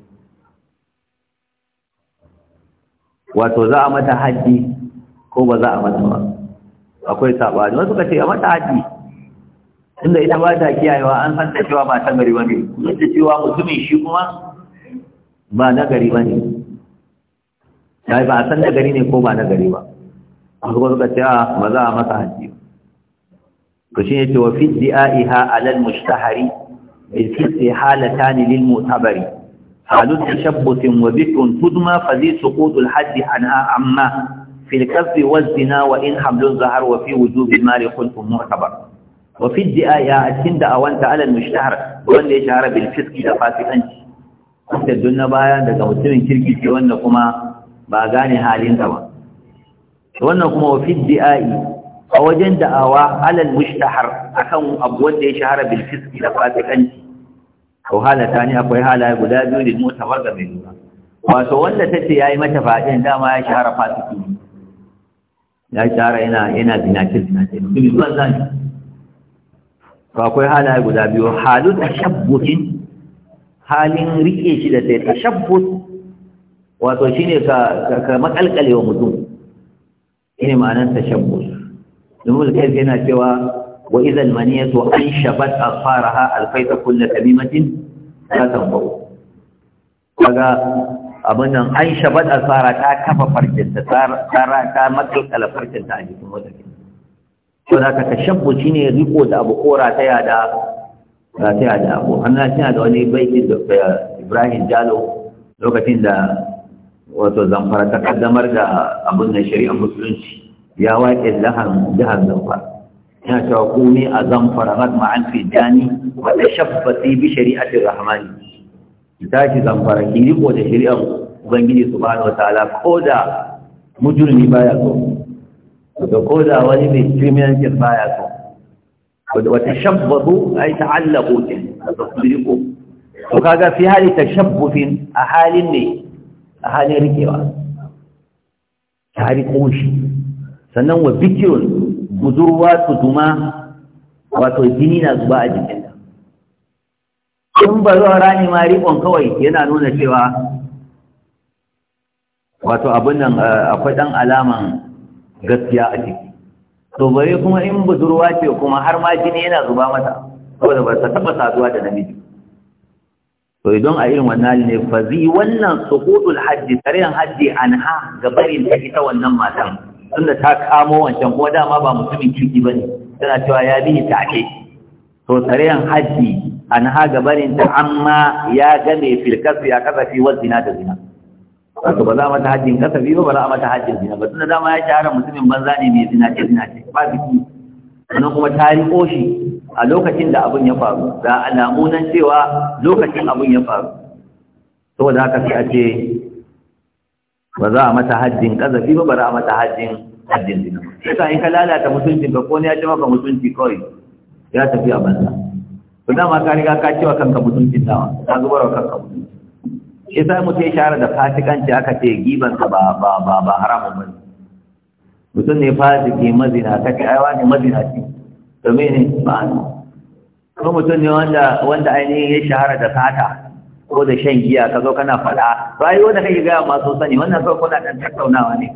wato za a mata haji ko ba za a mata ba akwai sabani wasu kace a mata haji inda ita ba ta kiyayewa an san ta cewa ba ta gari bane kuma ta cewa mutumin shi kuma ba na gari bane dai ba a san da gari ne ko ba na gari ba akwai suka ce ah, ba za a mata haji to shi ne wa fi di'a'iha alal mushtahari bil fi halatan lil mu'tabari حال تشبث وذكر تدمى فذي سقوط الحد عنها عما في الكف والزنا وإن حمل ظهر وفي وجوب المال خلف معتبر وفي الدعاية أتند أوانت على المشتهر ولي يشهر بالفسق دفاتي أنت أنت الدنيا بايا دقا مسلمين كيركي وأنكما باغاني حالين سوا وأنكما وفي الدعاية أوجند أوا على المشتهر أكون أبوان يشهر بالفسق دفاتي أنت ko halata ne akwai halaye guda biyu da mota warga mai lura wato wanda tace yayi ya yi mata fadin dama ya shahara fasiki ya shahara yana yana zinacin zinacin mutum zuwan zan ko akwai halaye guda biyu halu tashabbuhin halin rike shi da sai tashabbut wato shine ka ka makalkalewa mutum shine ma'anar tashabbut domin kai yana cewa wa idhal maniyatu anshabat ha alfaita kullu tamimatin la tanbu kaga abin nan an a asfara ta kafa farkin ta tsara ta makalkala farkin ta a jikin wata kin to da ka tashabbu shine riko da abu kora ta yada ta yada abu annabi tana da wani baitin da Ibrahim Jalo lokacin da wato zamfara ta kaddamar da abin da shari'ar musulunci ya waƙe jihar zamfara yana cewa ku ne a zamfara rad ma'an fidani wa shabbati bi shari'atir rahmani ki tashi zamfara ki riko da shari'ar ubangiji subhanahu wataala ko da mujrimi baya so da ko da wani mai criminal ke baya so wa shabbatu ay ta'allaqu kin tasdiqu to kaga fi hali tashabbufin a halin ne a halin rikewa ta hari shi, sannan wa bikirun budurwa tutuma wato jini na zuba a jikinta in ba zuwa rani ma riƙon kawai yana nuna cewa wato abin nan eh, akwai ɗan alaman gaskiya a ciki to bare kuma in budurwa ce kuma har ma jini yana zuba mata saboda ba ta taɓa saduwa da namiji to idan a irin wannan hali ne fazi zai wannan suqudul hajji tarayan hajji anha ga barin ta ita wannan matan tunda ta kamo wancan kuma dama ba mutumin kirki ba ne tana cewa ya bi ta ake to tsariyan hajji an haga barin ta amma ya game filkasu ya kasafi wa zina da zina wato ba za mata hajjin kasafi ba ba za mata hajjin zina ba tunda dama ya haram mutumin banza ne mai zina ce zina ce ba biki sannan kuma ta yi shi a lokacin da abin ya faru da alamu nan cewa lokacin abin ya faru saboda haka sai a ce ba za a mata hajjin kazafi ba ba za a mata hajjin hajjin zina sai in ka lalata mutuncin ka ko ne ya ce maka mutunci kawai ya tafi a banza za dama ka riga ka cewa kanka mutuncin dawa ka zubar wa kanka mutunci Ya sai mutum ya shahara da fasikanci aka ce giban ka ba ba ba ba haramun ba mutum ne fasiki mazina ka ce ai wani mazina ce to mene ba ko mutum ne wanda wanda ainihin ya shahara da fata ko da shan giya ka zo kana faɗa bayi wanda kake gaya masu sani wannan kawai kuna ɗan tattaunawa ne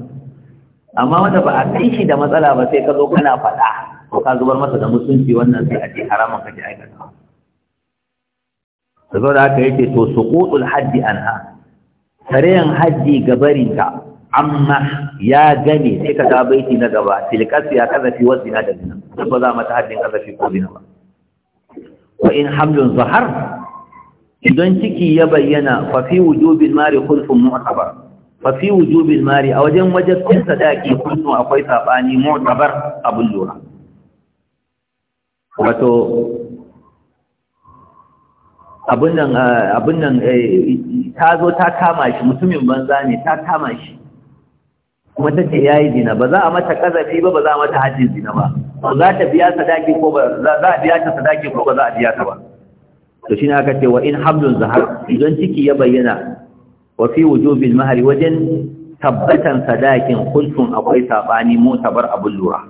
amma wanda ba a kai shi da matsala ba sai ka zo kana faɗa ko ka zubar masa da mutunci wannan sai a ce haramun kake aikata da haka yake to suqutul haddi anha hajji haddi gabarinta amma ya gane sai ka ga baiti na gaba tilkasu ya kazafi wasu zina da zina ba za mata haddin kazafi ko zina ba wa in hamlun zahar idan ciki ya bayyana fa fi wujubil mari khulfun mu'tabar fa fi wujubil mari a wajen wajen sadaki kullu akwai sabani mu'tabar abul lura wato abun nan eh, abun nan eh, ta zo ta kama shi mutumin banza ne ta kama shi kuma ta ce ya yi ba za a mata kazafi ba ba za a mata hajji dina ba za ta biya sadaki ko ba za a biya ta sadaki ko ba za a biya ta ba to shine aka ce wa in hablun zahar idan ciki ya bayyana wa fi wujubil mahari wajen tabbatan sadakin kulfun akwai sabani mutabar abun lura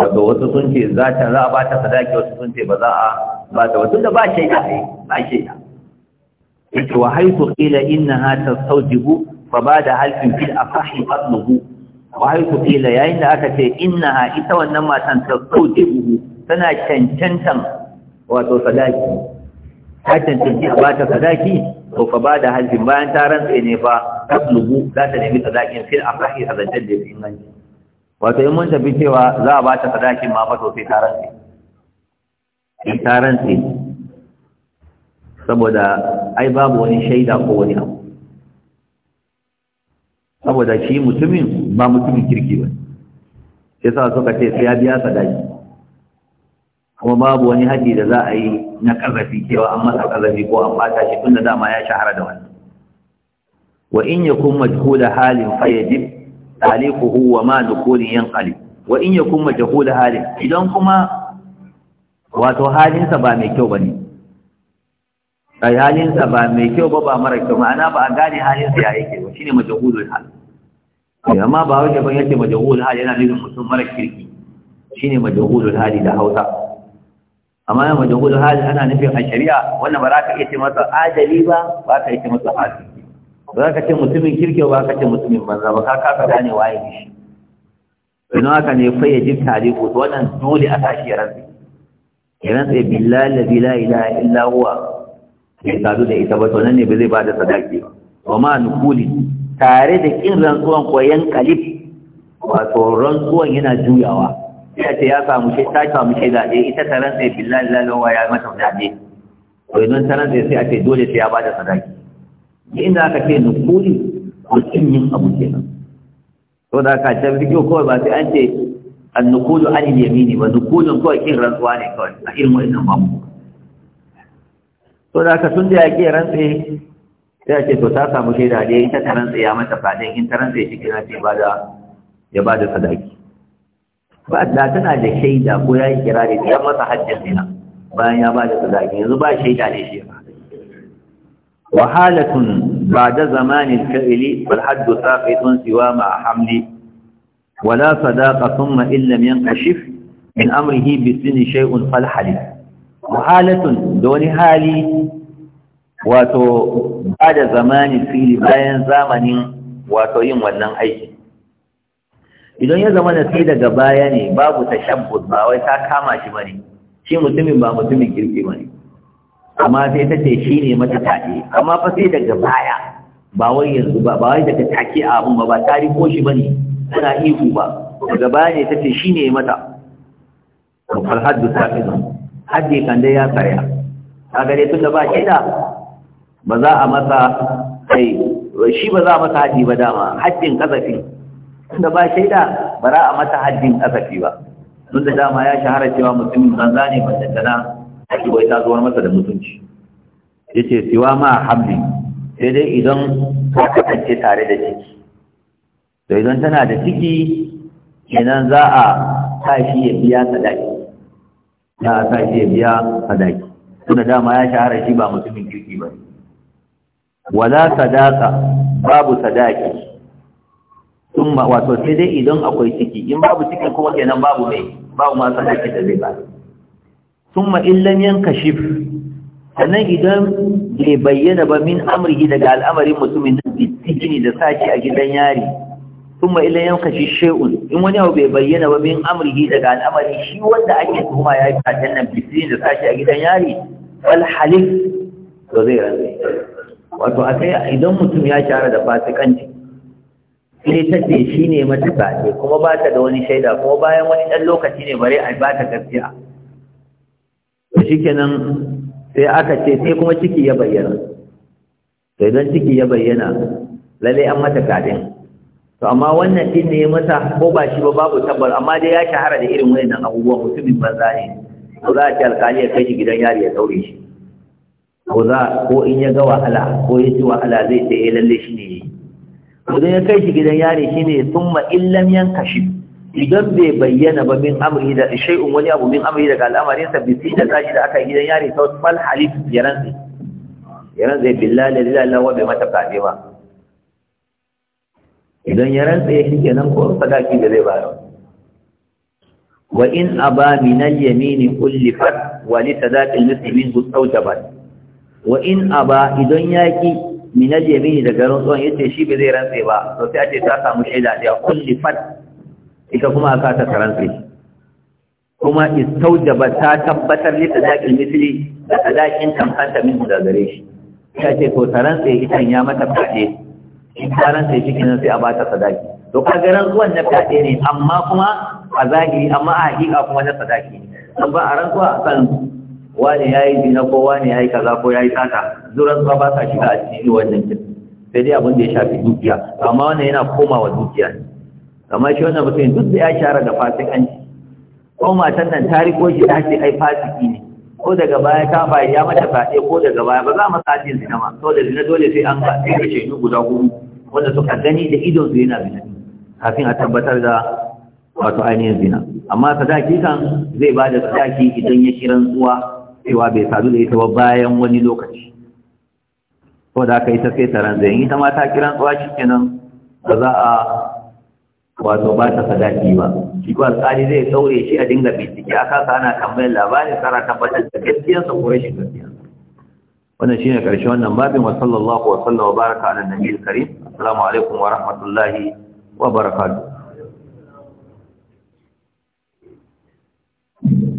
daga wasu sun ce za ta za a ba ta sadaki wasu sun ce ba za a ba ta wasu da ba shaida ne eh, ba shaida yake wa haitu qila innaha tastawjibu fa bada halfin fil afahi qatluhu wa haitu qila yayin da aka ce innaha ita wannan matan tastawjibu tana cancantan wato sadaki ta cancanci a bata sadaki to fa bada hajjin bayan ta rantsa ne fa tablugu za ta nemi sadakin fil afrahi a zancen da ya fi inganci wato in mun tafi cewa za a bata sadakin ma fa to sai ta rantsa in ta rantsa saboda ai babu wani shaida ko wani abu saboda shi mutumin ba mutumin kirki ba sai sa suka ce sai ya biya sadaki kuma babu wani haji da za a yi na ƙazafi cewa an masa kazafi ko an ɓata shi tun da dama ya shahara da wannan wa in yakun majhula halin fa yajib taliquhu wa ma dukulin yanqali wa in yakun majhula halin idan kuma wato halinsa ba mai kyau bane ai halinsa ba mai kyau ba ba mara kyau ma'ana ba a gane halinsa ya yake ba shine majhulul hal amma ba hausa ban yake majhulul hal yana nufin mutum mara kirki shine majhulul hali da Hausa amma yana wajen majahul hali ana nufin a shari'a wannan ba za ka iya ce masa adali ba ba ka iya ce masa fasiki ba za ka ce mutumin kirkiyar ba ka ce mutumin banza ba ka kasa gane waye ne shi don haka ne fa yajib tariku to wannan dole a tashi ya rantsi ya rantsi billahi la ilaha illa huwa ya sadu da ita ba to nan ne ba zai ba da sadaki ba wa ma nukuli tare da kin rantsuwan koyan kalif wato rantsuwan yana juyawa ya ce ya samu shi ta samu shi zaɓe ita ta rantsa billahi lalawa ya mata zaɓe to idan ta rantsa sai a ce dole sai ya bada sadaki inda aka ce nukuli ko cin yin abu kenan to da ka ce biki kawai ba sai an ce an annukulu an yamini ba nukulun ko kin rantsuwa ne kawai a irin wannan babu to da ka tun da ya ke rantsi sai a ce to ta samu shi dai ita ta rantsa ya mata fadin in ta rantsa shi kina ce ba da ya bada sadaki fa'adda tana da shaida ko ya yi kira da ya masa hajjar nuna bayan ya ba da tsadaki yanzu ba shaida ne shi wa halatun ba da zamanin fa'ili bal haddu saqitun siwa ma hamli wala sadaqa thumma illa min kashif In amrihi bi sinni shay'un fal halil wa halatun hali wato ba da zamanin fili bayan zamanin wato yin wannan aiki. idan ya zama na sai daga baya ne babu ta tashabbus ba wai ta kama shi bane shi mutumin ba mutumin kirki bane amma sai ta ce shi ne mata taɗe amma fa sai daga baya ba wai yanzu ba ba wai daga take a abun ba ba tari ko shi bane tana ihu ba daga baya ne ta ce shi ne mata fal haddu sa'idun haddi kan dai ya karya kaga dai tunda ba shi da ba za a masa kai shi ba za a masa haddi ba dama haddin kazafi tunda ba shaida ba za a mata haddin ƙasafi ba Duk da dama ya shahara cewa mutumin banza ne dandana, a kiwai ta zuwar masa da mutunci ya ce siwa ma hamli sai dai idan ta kasance tare da ciki to idan tana da ciki kenan za a sa shi ya biya sadaki za a sa shi ya biya sadaki tunda dama ya shahara shi ba mutumin kirki ba wala sadaka babu sadaki sun wato sai dai idan akwai ciki in babu ciki kuma kenan babu mai babu ma sadaki da zai bada sun ma illan yanka shif sannan idan bai bayyana ba min amurki daga al'amarin mutumin nan bitini da sashi a gidan yari sun ma illan yanka shi she'un in wani abu bai bayyana ba min amurki daga al'amarin shi wanda ake tuhuma ya yi fatan nan bitini da sashi a gidan yari wal halif to zai rantsa wato a kai idan mutum ya shara da fasikanci sai ta ce shi ne mata ce kuma ba ta da wani shaida kuma bayan wani ɗan lokaci ne bare a ba ta gaskiya to shi kenan sai aka ce sai kuma ciki ya bayyana to idan ciki ya bayyana lalle an mata kaɗin to amma wannan ɗin ne mata ko ba shi ba babu tabbar amma dai ya shahara da irin wayannan abubuwan mutumin banza ne ko za a ce alƙali ya kai shi gidan yari ya daure shi ko za ko in ya ga wahala ko ya ci wahala zai ce eh lalle shi ne idan ya kai shi gidan yare sun ma'illan yanka shi idan bai bayyana ba min amri da in wani abu min amri daga al'amarin sa bi da tashi da aka gidan yare ta fal halif yaran sai yaran sai billahi da ilaha illa bai mata kaje ba idan yaran sai nan ko sadaki da zai bayar wa in aba min al yamini kullifat wa li sadaqi al-muslimin zawjabat wa in aba idan yaki min al-yamin daga rantsuwan yace shi bai zai rantse ba to sai a ce ta samu shaida da kulli fat ita kuma aka ta rantse kuma istaujaba ta tabbatar li sadaqil misli da sadaqin tamkanta min da gare shi ta ce to ta rantse ita ya mata fade in ta rantse shi kenan sai a ba ta sadaki. to kaga rantsuwan na fade ne amma kuma a zahiri amma a hakika kuma na sadaki. ne ba a rantsuwa a san wani ya yi zina ko wani ya yi kaza ko ya yi sata zuran zuwa ba sa shiga a cikin wannan kin sai dai abin da ya shafi dukiya amma wannan yana komawa dukiya ne amma shi wannan mutum duk da ya shara da fasikanci ko matan nan tariko shi ta ce ai fasiki ne ko daga baya ta bayi ya mata fade ko daga baya ba za mu sace zina ma to da zina dole sai an ga sai ce shaidu guda huɗu. wanda suka gani da idon su yana zina kafin a tabbatar da wato ainihin zina amma sadaki kan zai ba da sadaki idan ya kiran rantsuwa. cewa bai sadu da ita ba bayan wani lokaci ko da aka yi ta sai taron zai ita ma ta kiran tsawa shi kenan ba za a wato ba ta sadaki ba shi ko alƙali zai daure shi a dinga bincike aka sa ana tambayar labarin tsara tabbatar da sa ko rashin gaskiya wannan shine karshe wannan babin wa sallallahu wa sallama wa baraka ala nabiyil karim assalamu alaikum wa rahmatullahi wa barakatuh